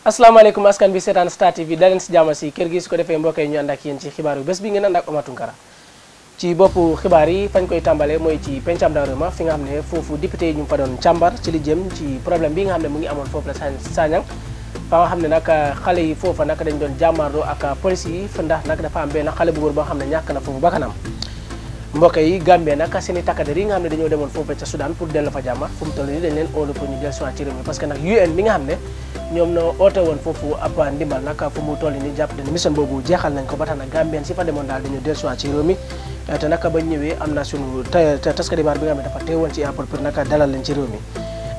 asalaamaaleykum askan bi seetaan Star TV da leen si jàmm si kër gi su ko defee mbokk yi ñu ànd ak ci xibaar bi ngeen ànd koy tàmbalee mooy ci pencam daaru ma fi nga xam ne foofu député yi ñu fa doon càmbar ci li jëm ci problème bi nga xam ne mu ngi amoon foofu la Sagnang fa nga xam ne nag xale yi foofa nag dañ doon jàmmaarloo ak police yi fa ndax nag dafa am benn xale bu góor boo xam ne ñàkk na foofu bakkanam mbokk yi Gambie nag seen i yi nga xam ne ñoom noo oote woon foofu ab ndimbal nag fu mu toll ni jàpp ne mission boobu jeexal nañ ko ba tax na Gambien si fa demoon daal dañu dellusiwaat ci réew mi te nag ba ñëwee am na suñu taskati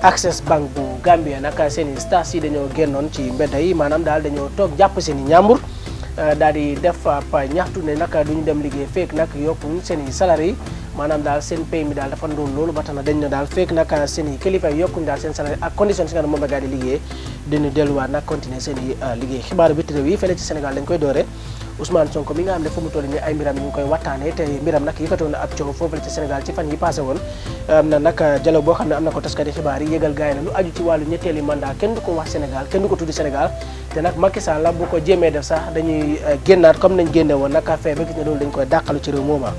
Access Bank bu Gambia nag seen i stars yi dañoo génnoon ci mbedd yi maanaam daal dañoo toog jàpp seen i ñaambur daal di def ab ñaxtu ne nag duñu dem liggéey feek nag yokkuñ seen i salaire yi maanaam daal seen pay mi daal dafa ndoon loolu ba na dañ daal fekk nag seen i kilifa yokkuñ daal seen salaire ak condition si nga xam moom la gaa di liggéey dañu delluwaat nag continuer seen euh, liggéey na euh, xibaar yi yëgal gaay na lu aju ci wàllu ñetteeli mandat kenn du ko wax Sénégal kenn du ko tuddi Sénégal te nag Macky la bu ko jéemee def sax dañuy euh, génnaat comme nañ génne woon nag affaire gis ne loolu dañ koy dàqalu ci réew mooma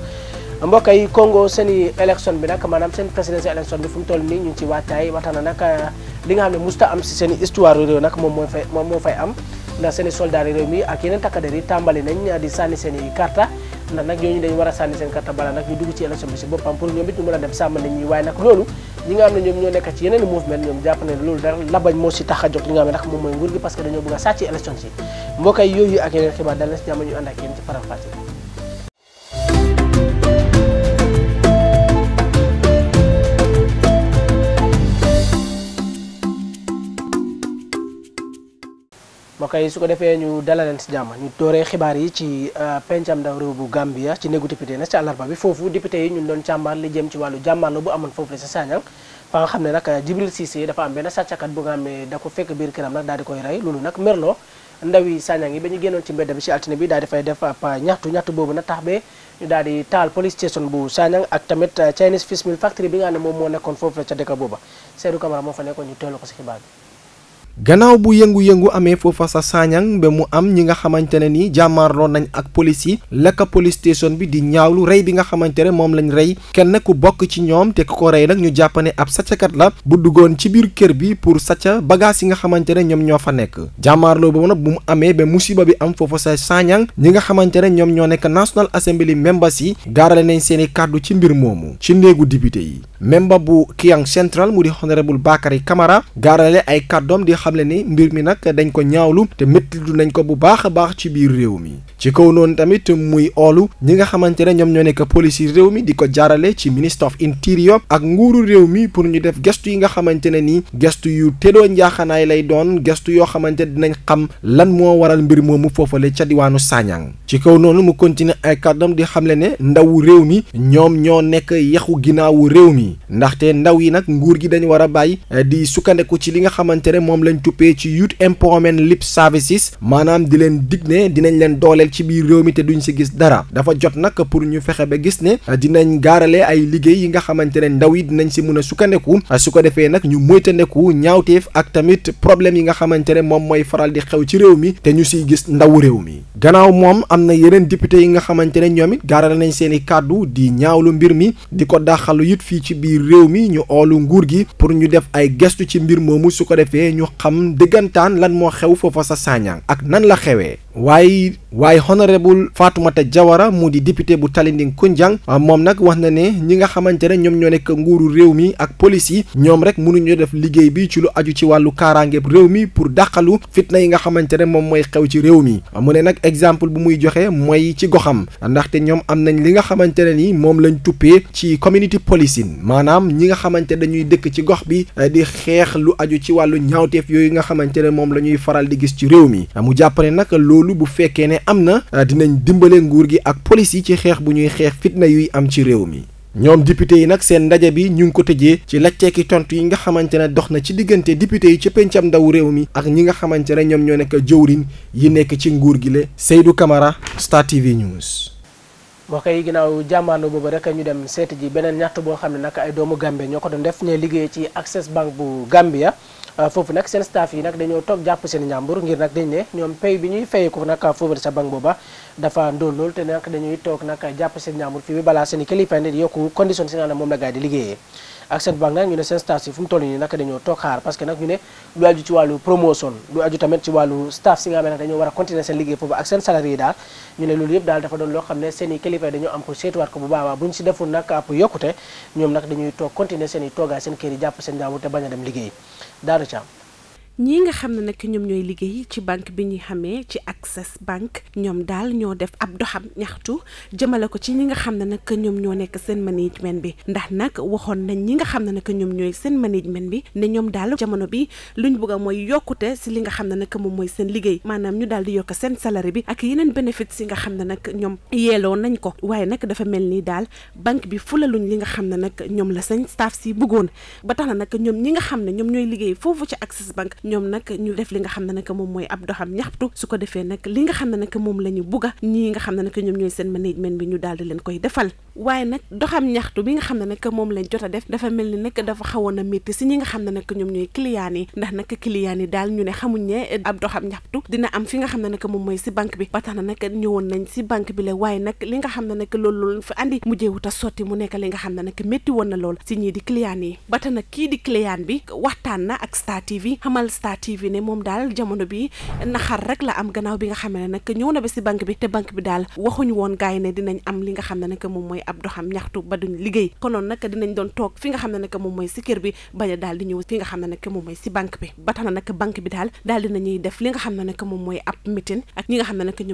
mbokk yi Congo seen i élection bi nag maanaam seen présidentielle élection bi fu toll nii ñu ci waajtaay waxtaan nag euh, li nga xam réew nag moo fay moom moo ak yeneen takkader yi tàmbali nañ di sànni seen karta ndax nag ñooñu dañu war a sànni seen karta bala nag ñu dugg ci élection bi si boppam pour ñoom it ñu mën a dem sàmm nit ñi waaye nag loolu ñi nga xam ne ñoom ñoo nekk ci yeneen mouvement ñoom jàpp loolu dara labañ moo si tax a jóg li nga xam ne nag kay su ko defee ñu dalaleen si jàmm ñu dooree xibaar yi ci euh, pencam ndaw réew bu Gambia ci néegu député na ci àllarba bi foofu député yi ñun doon càmbar li jëm ci wàllu jàmmarlo bu amoon foofu la sa Sagnang ne nag Jibril Cissé dafa am benn sàccakat bu nga xam ko fekk loolu nag merloo ndawi Sagnang yi ba ñu génnoon ci mbedd bi ci altine bi daal di fay def pa ñaxtu ñaxtu boobu na tax ba ñu daal di taal police station bu Sagnang ak tamit euh, Chinese Fish Meal Factory bi nga xam moom moo nekkoon foofu la ca dëkk booba Seydou Camara moo fa ñu teelu ko xibaar gannaaw bu yëngu-yëngu amee foofa sa saañang ba mu am ñi nga xamante ne ni jàmmaarloo nañ ak police yi lakka police station bi di ñaawlu rey bi nga xamante ne moom lañ rey kenn ku bokk ci ñoom te ku ko rey nag ñu jàpp ne ab sàccakat la bu duggoon ci biir kër bi pour sàcca bagage yi nga xamante ne ñoom ñoo fa nekk jàmmaarloo ba nag bu mu amee ba musiba bi am foofa sa saañang ñi nga xamante ne ñoom ñoo nekk National Assembly members yi gaarale nañ seeni kàddu ci mbir moomu ci néegu député yi memba bu Kiang Central mu di honorable Bakary Camara gaarale ay kàddoom di xamle ni mbir mi nag dañ ko ñaawlu te méttidu nañ ko bu baax a baax ci biir réew mi ci kaw noonu tamit muy oolu ñi nga xamante ne ñoom ñoo nekk police réew mi di ko jaarale ci ministre of interior ak nguuru réew mi pour ñu def gestu yi nga xamante ne nii gestu yu tëddoo njaaxanaay lay doon gestu yoo xamante ne dinañ xam lan moo waral mbir moomu foofale ca diwaanu Sanyang ci kaw noonu mu continuer ay kàddam di xamle ne ndawu réew mi ñoom ñoo nekk yaxu ginnaawu réew mi ndaxte ndaw yi nag nguur gi dañu war a bàyyi eh, di sukkandeku ci li nga xamante ne moom la leen tuppee ci youth empowerment lip services maanaam di leen dig ne dinañ leen dooleel ci biir réew mi te duñ si gis dara dafa jot nag pour ñu fexe ba gis ne dinañ gaarale ay liggéey yi nga xamante ne ndaw yi dinañ si mun a sukkandeku su ko defee nag ñu moytandeku ñaawteef ak tamit problème yi nga xamante ne moom mooy faral di xew ci réew mi te ñu si gis ndawu réew mi gannaaw moom am na yeneen député yi nga xamante ne ñoom it gaarale nañ seen i kàddu di ñaawlu mbir mi di ko daxalu it fii ci biir réew mi ñu oolu gi pour ñu def ay gestu ci mbir moomu su ko xam diggantaan lan moo xew foofa sa saañaan ak nan la xewee waaye waaye honorable faatumate Diawara mu di député bu Talinding Kunjang ah, moom nag wax na ne ñi nga xamante ne ñoom ñoo nekk nguuru réew mi ak police yi ñoom rek mënuñu def liggéey bi ci lu aju ci wàllu kaaraangeeb réew mi pour dàqalu fitna yi nga xamante ne moom mooy xew ci réew mi ah, mu ne nag exemple bu muy joxe mooy ci goxam ndaxte ñoom am nañ li nga xamante ne ni moom lañ tuppee ci community policing maanaam ñi nga xamante dañuy dëkk ci gox bi eh, di xeex lu aju ci wàllu ñaawteef yooyu nga xamante ne moom la ñuy faral di gis ci réew mi ah, mu jàpp ne loolu lu bu fekkee ne am na ah, dinañ dimbale nguur gi ak police yi ci xeex bu ñuy xeex fitna yuy am ci réew mi. ñoom député yi nag seen ndaje bi ñu ngi ko tëjee ci lajceeki tontu yi nga xamante ne dox na ci diggante député yi ci pencam ndaw réew mi ak ñi nga xamante ne ñoom ñoo nekk jëwriñ yi nekk ci nguur gi la Seydou Camara Star TV News. wax kay ginnaaw jàmmaando boobu rek ñu dem seeti ji beneen ñaxtu boo xam ne nag ay doomu Gambie ñoo ko doon def ne liggéey ci Access Bank bu Gambia. Euh, foofu nag seen staff yi nag dañoo toog jàpp seen njàmbur ngir nag dañ ne ñoom pay bi ñuy fayeeku nag foofu sa banque booba dafa ndóol lool te dañuy toog nag jàpp seen njàmbur fii bi balaa seen i kilifa di yokku condition si nga xam ne moom la gars di liggéeyee ak seen banque nag ñu ne seen staff si fu mu toll nii naka dañoo toog xaar parce que nag ñu ne lu aju ci wàllu promotion lu aju tamit ci wàllu staff si nga xam nag dañoo war a continuer seen liggéey foofu ak seen salarié yi daal ñu ne loolu yëpp daal dafa doon loo xam ne seen i kilifa dañoo am seetuwaat ko bu baax bu ñu si deful nag ab yokkute ñoom nag dañuy toog continuer seen i seen kër yi jàpp seen njaawur te bañ a dem liggéey ñii nga xam ne nag ñoom ñooy liggéey ci banque bi ñuy xamee ci Access Bank ñoom daal ñoo def ab doxam ñaxtu jëmale ko ci ñi nga xam ne nag ñoom ñoo nekk seen management bi ndax nag waxoon nañ ñi nga xam ne nag ñoom ñooy seen management bi ne ñoom daal jamono bi luñ bëgg a mooy yokkute si li nga xam ne nag moom mooy seen liggéey maanaam ñu daal di yokk seen salaire bi ak yeneen bénéfice yi xam ne nag ñoom yeeloo nañ ko waaye nag dafa mel nii daal banque bi fulaluñ li nga xam ne nag ñoom la seen staff si bëggoon ba tax na nag ñoom ñi nga xam ne ñoom ñooy liggéey foofu ci Access banque ñoom nag ñu def li nga xam ne nag moom mooy ab doxam ñaxtu su ko defee nag li nga xam ne nag moom lañu ñu bugga ñii nga xam ne nag ñoom ñooy seen management bi ñu daal di leen koy defal waaye nag doxam ñaxtu bi nga xam ne nag moom lañ jot a def dafa mel ni nag dafa xawoon a métti si ñi nga xam ne nag ñoom ñooy clients yi ndax nag clients yi daal ñu ne xamuñ ne ab doxam ñaxtu dina am fi nga xam ne nag moom mooy si banque bi ba tax na ñëwoon nañ si banque bi la waaye nag li nga xam ne nag loolu loolu fa andi mujjeewut a sotti mu nekk li nga xam ne nag métti woon na lool si ñii di clients yi ba tax nag kii bi waxtaan na ak Star TV xamal Star TV ne moom daal jamono bi naxar rek la am gannaaw bi nga xam ne nag ñëw na si banque bi te banque bi daal waxuñu woon gars yi ne dinañ am li nga xam ne nag moom mooy ab doxam ñaxtu ba duñ liggéey konoon nag dinañ doon toog fi nga xam ne nag moom mooy si a daal banque bi ba tax na nag banque bi daal daal dinañuy def li nga xam ne nag moom mooy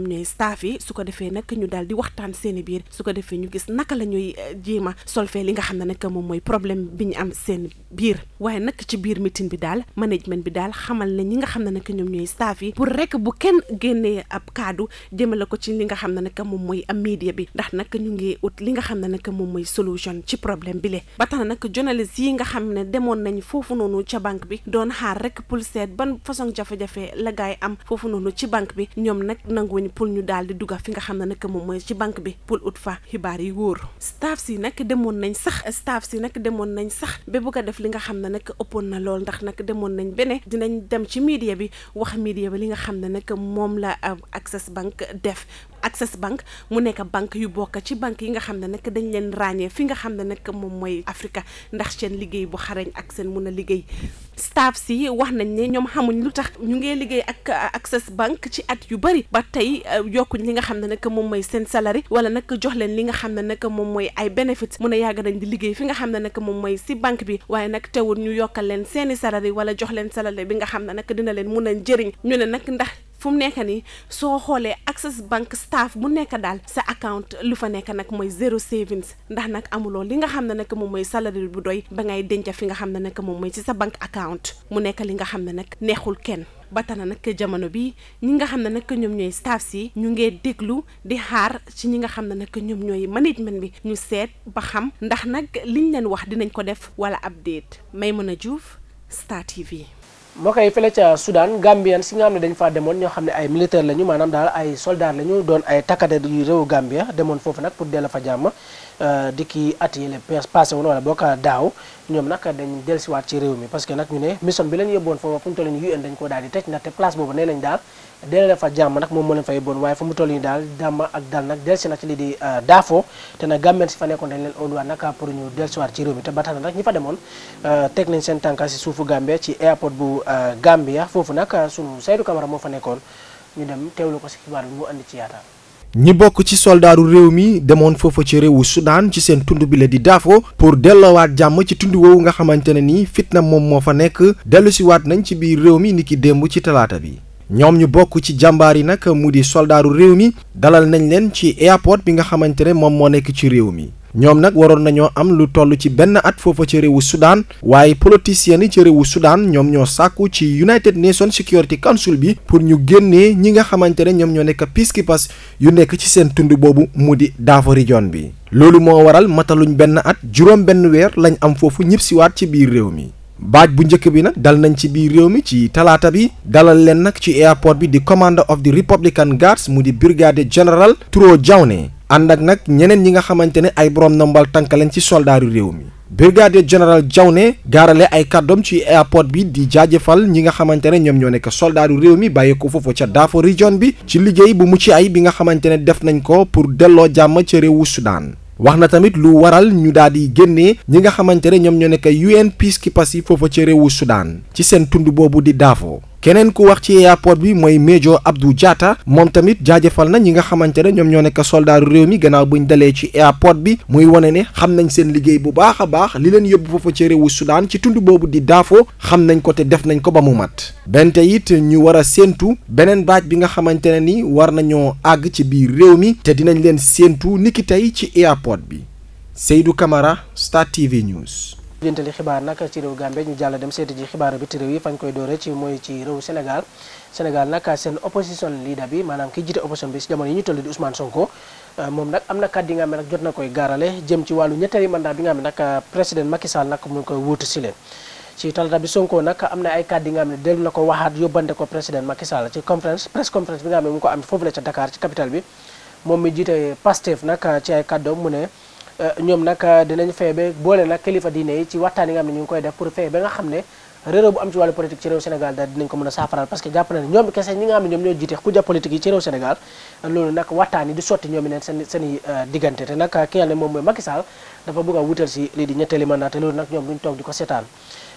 ñooy staff yi su ko defee nag ñu daal di waxtaan seeni biir su ko defee ñu gis naka la ñuy eh, jéema solfee li nga xam ne nag moom mooy problème bi ñu am seen biir waaye nag ci biir meeting bi daal management bi daal xamal ne ñi nga xam ne nag ñoom ñooy staff yi pour rek bu kenn génnee ab kaddu jëmale ko ci li nga xam ne nag moom mooy am media bi ndax nag ñu ngi ut nga xam ne nag moom mooy solution ci problème bi le ba tax na nag journaliste yi nga xam ne demoon nañ foofu noonu ca banque bi doon xaar rek pour seet ban façon jafe-jafe la gaay am foofu noonu ci banque bi ñoom nag nanguwuñ pour ñu daal di dugga fi nga xam ne nag moom mooy ci banque bi pour ut fa xibaar yi wóor staff si nag demoon nañ si nag demoon nañ sax ba bëgg a li nga xam ne nag ëppoon na lool ndax nag demoon nañ bene dinañ dem ci media bi wax li nga xam ne nag moom la Access Bank def Access banque mu nekk banque yu bokk ci banque yi nga xam ne nag dañ leen ràññee fi nga xam ne nag moom mooy Africa seen liggéey bu xarañ ak seen mun a liggéey staff si wax nañ ne ñoom xamuñ lu tax ñu ngee liggéey ak uh, Access Bank ci at yu bëri ba tey uh, yokkuñ li nga xam ne nag moom seen salari wala nag jox leen li nga xam ne nag moom mooy ay bénéfice mun a yàgg nañ di liggéey fi nga xam ne nag moom mooy si banque bi waaye nag teewul ñu yokkal leen seeni salari wala jox leen salari bi nga xam ne nag dina leen mun a jëriñ ñu ne nag ndax fu mu nekk nii soo xoolee Access banque staff bu nekk daal sa account lu fa nekk nag mooy zero savings ndax nag amuloo li nga xam ne nag moom mooy salary bu doy ba ngay denc fi nga xam ne nag moom mooy ci sa bank account mu nekk li nga xam ne nag neexul kenn. ba tax nag jamono bi ñi nga xam ne nag ñoom ñooy staff si ñu ngee déglu di xaar ci ñi nga xam ne nag ñoom ñooy management bi ñu seet ba xam ndax nag liñ leen wax dinañ ko def wala update Maimouna Diouf Star TV moo koy fële ca Soudan Gambien si nga xam ne dañ faa demoon ñoo xam ne ay militaire lañu maanaam daal ay soldat lañu doon ay takkader yu réewu Gambia demoon foofu nag pour dellu fa jàmm euh, di ki at yële passé woon wala boo ko daaw ñoom nag dañ dellusiwaat ci réew mi parce que nag ñu ne mission bi lañ yóbboon foofu ñu toll nii UN dañ ko daal di tëj ndaxte place boobu nee nañ daal dina defal jàmm nag moom moo leen fay bon waaye fu mu toll nii daal jàmm ak dal nag delsi nag ci lii di euh, daafoo te nag gàmmeel si fa nekkoon dañ leen ooluwaat nag pour ñu dellusiwaat ci réew mi te ba na nag ñi fa demoon euh, teg nañ seen tànka si suufu Gambia ci airport bu euh, Gambia foofu nag sunu Seydou Camara moo fa nekkoon ñu dem teewlu ko si xibaar bi mu indi ci yaataal. ñi bokk ci soldaaru réew mi demoon foofu ci réewu Sudan ci seen tund bi la di daafo pour dellowaat jàmm ci tund woowu nga xamante ne ni fitna moom moo fa nekk dellusiwaat nañ ci biir réew mi niki démb ci talaata bi. ñoom ñu bokk ci jàmbaar yi nag mu di soldaaru réew mi dalal nañ leen ci airport bi nga xamante ne moom moo nekk ci réew mi ñoom nag waroon nañoo am lu toll ci benn at foofa ci réewu Soudan waaye politiciens yi ci réewu Soudan ñoom ñoo sàkku ci United Nations Security Council bi pour ñu génnee ñi nga xamante ne ñoom ñoo nekk peacekeepers yu nekk ci seen tund boobu mu di Darfur region bi loolu moo waral mataluñ benn at juróom benn weer lañ am foofu ñibbisiwaat ci biir réew mi baaj bu njëkk bi nag dal nañ ci biir réew mi ci talaata bi dalal leen nag ci airport bi di commander of the Republican Guards mu di brigadier général Turo Jawne ànd ak nag ñeneen ñi nga xamante ne ay borom ndombal tànk lañ ci soldaaru réew mi. brigadier général Jawne gaarale ay kàddoom ci airport bi di jaajëfal ñi nga xamante ne ñoom ñoo nekk soldaaru réew mi bàyyi ko foofu ca Darfur region bi ci liggéey bu mucc ay bi nga xamante ne def nañ ko pour delloo jàmm ca réewu Sudan. wax na tamit lu waral ñu daal di génnee ñi nga xamante ne ñoom ñoo nekk UN Peacekeepers yi foofa ca réewu Soudan ci seen tund boobu di daafoo keneen ku wax ci airport bi mooy Major Abdou jaata moom tamit jaajëfal na ñi nga xamante ne ñoom ñoo nekk soldaaru réew mi gannaaw buñ dalee ci airport bi muy wone ne xam nañ seen liggéey bu baax a baax li leen yóbbu foofa ci réewu Sudan ci tund boobu di Darfur xam nañ ko te def nañ ko ba mu mat bente it ñu war a séentu beneen baaj bi nga xamante ne ni war nañoo àgg ci biir réew mi te dinañ leen séentu niki tey ci airport bi seydu Camara Star TV jëntali xibaar nag ci réew Gambie ñu jàll dem seeti ji xibaar bi ci réew yi fañ koy doore ci mooy ci réew Sénégal Sénégal nag seen opposition leader bi maanaam ki jiite opposition bi si jamono yi euh, euh, mu ngi koy wuutu si leen ci talaata bi Sonko nag am na ay kàddu nga xam ne dellu na ko waxaat yóbbante ko président Macky ci conférence press conférence bi nga xam ne mu ngi ko am foofu la ca Dakar ci capitale bi moom mi jiite Pastef nag ci ay kàddoom Euh, ñoom nag euh, dinañ fexe ba boole nag kilifa diine yi ci waxtaan yi nga xam ne ñu ngi koy def pour fexe ba nga xam ne réeróo bu am ci wàllu politique ci réew Sénégal daal dinañ ko mën a saafaraal parce que jàpp na ne ñoom kese ñi nga xam ne ñoom ñoo jiite xuja politique yi ci réew Sénégal euh, loolu nag waxtaan yi di sotti ñoom i neen seeni diggante te nag ki nga ne moom mooy Macky dafa bëgg wutal si lii di ñetteeli mandat te loolu nag ñoom duñ toog di ko seetaan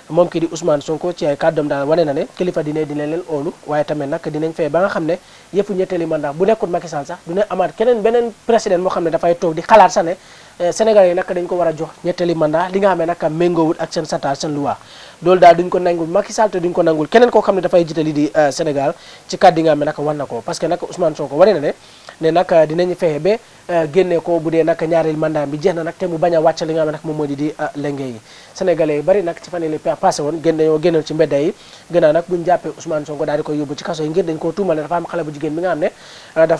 moom kii di Ousmane Sonko ci ay kàddoom daal wane na ne kilifa diine dinañ leen oolu waaye tamit ne yëpp ñetteeli mandat bu nekkul Macky Sall sax dina amaat keneen beneen président moo xam ne dafay toog di xalaat sax ne Eh, Sénégal yi nag dañ ko war a jox ñetteeli mandat li nga xam ne nag méngoowul ak seen satage seen loi loolu daal duñ ko nangul Macky Sall duñ ko nangul keneen koo xam ne dafay jiite lii di eh, Sénégal ci kàddu yi nga ko parce que nag Ousmane Sonko waree na ne ne nag eh, dinañu fexe ba ko dee nag ñaareel mandat bi jeex na mu bañ a wàcc li nga xam ne moom moo di di lenge yi sénégalais yi bari nag ci fan yi woon génn dañoo génnal ci mbedda yi gannaaw nag buñu jàppee Ousmane Sonko daal di koy yóbbu ci kaso yi ngir dañ koo tuumale dafa am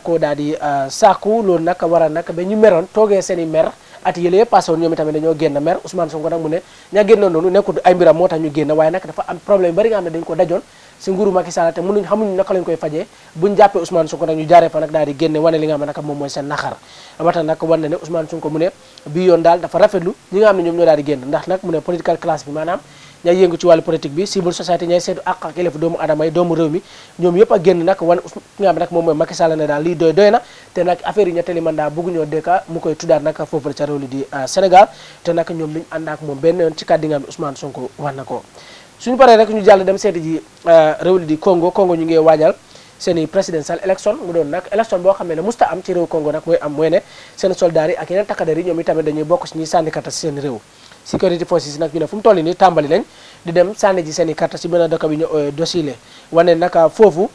ko daal di sàkku loolu war a nag ba ñu meroon toogee seen mer at yële passé woon ñoom itamit dañoo génn mer Ousmane Sonko nag mu ne ña génnoon noonu nekkul ay mbiram moo tax ñu génn waaye nag dafa am problème bari nga xam ne dañu ko dajoon si nguuru Macky Sall te mënuñ xamuñ naka lañ koy fajee buñ jàppee Ousmane Sonko nag ñu jaaree fa nag daal génne wane li nga xam ne nag moom mooy seen naxar ba nag wan na ne Ousmane Sonko mu ne bi yoon daal dafa rafetlu ñi nga xam ne ñoom ñoo daal génn ndax ñay yëngu ci wàllu politique bi civil society ñay seetu àq ak yelleefu doomu adama yi doomu réew mi ñoom yëpp ak génn nag wan ki nga xam nag moom mooy Macky Sall ne daal lii doy doy nag koy tuddaat nag foofu la ah, ñoom liñ ànd ak moom benn yoon ci kàddi nga xam Ousmane Sonko wax ko suñu paree rek ñu jàll dem seeti ji ah, réew di Congo Congo ñu ngi waajal seen i présidential élection mu doon nag élection boo xam ne ne musta am ci réew Congo nag mooy am mooy ne seen soldats yi ak yeneen takkader yi ñoom itamit dañuy bokk ci ñuy sànni carte ci seen réew sécurité forces yi nag ñu ne fu mu toll nii tàmbali nañ di dem sànni ji seen i carte si benn dëkk euh, wane nag euh, foofu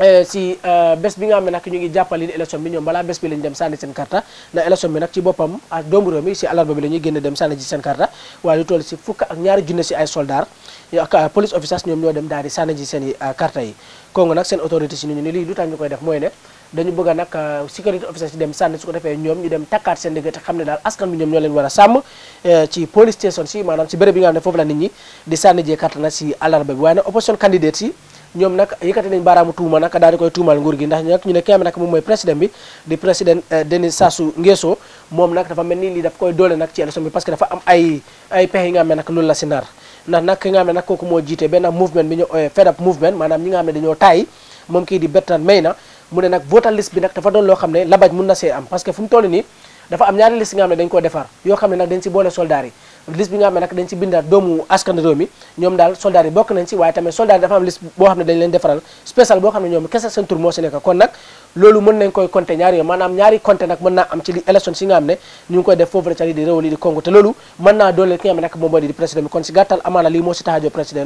euh, si bés bi nga xam ne nag ñu ngi jàppale ni élection bi ñoom balaa bés bi lañ dem sànni seen karta na élection bi nag ci boppam ak la ñuy génn dem sànni ji seen karta waaye lu toll si fukk ak ñaari junne si ay soldats ak police officers ñoom ñoo dem daal di sànni ji seen i karta yi Congo nag seen autorité si ñu ne lii lu tax ñu koy def mooy ne dañu bëgg a nag euh, sécurité officer si dem sànni su ko defee ñoom ñu dem takkaat seen dëgg te xam ne daal askan bi ñoom ñoo leen war a sàmm euh, ci police station si maanaam si bërëb bi nga xam ne foofu la nit ñi di sànni jee carte na si moom euh, ni lii daf koy doole nag ci élection bi parce que dafa am ay ay moo jiite benn mouvement bi ñu fed up mouvement maanaam ñi nga xam dañoo taay moom kii di Bertrand Maina mu ne nag voter list bi nag dafa doon loo xam ne labaj mun na see am parce que fu mu toll nii dafa am ñaari liste yi nga xam ne dañ koo defar yoo xam ne dafa am ñaari yoon nag mën naa am ci li élection si nga xam ne ñu koy def foofu la ca lii di réew lii di Congo te loolu mën naa dooleel ki nga xam ne nag moom moo di président bi kon si gàttal amaana lii moo si tax a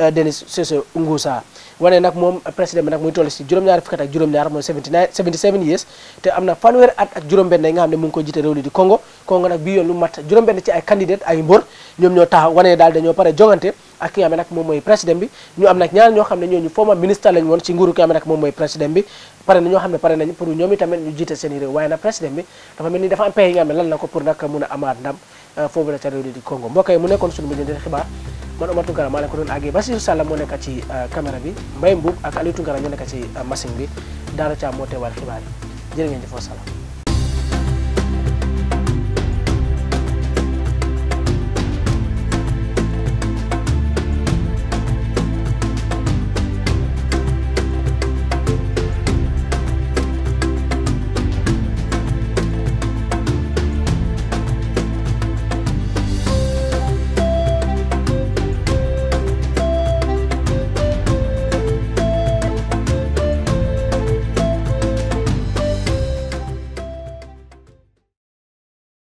euh, Denis Sassou Nguessa wane nag moom président bi nag muy toll si juróom-ñaari fukki years te am na fanweer at ak juróom-benn yi nga xam ne mu ngi ko jiite réew li di Congo Congo nag bii yoon lu mat juróom-benn ci ay candidate ay wane xam ne nag moom mooy président bi ñu am ñoo xam ne ñooñu former ministre lañ woon ci nguuru ki nga ne ñoo xam ne pare nañ pour ñoom jiite seen i réew waaye nag président bi dafa mel ni dafa am pexe yi nga xam ne lan na ko pour nag mun a amaat ndam Euh, foofu la ca réew di Congo mbokk yi mu nekkoon suñu mbir den xibaar man Omar Tunkara maa leen ko doon àggee Bassirou Sall moo nekk ci euh, caméra bi Mbaye Mbuub ak Aliou Tunkara ñoo nekk ci euh, machine bi Daara Thiam moo teewal xibaar yi jërë ngeen jëfoo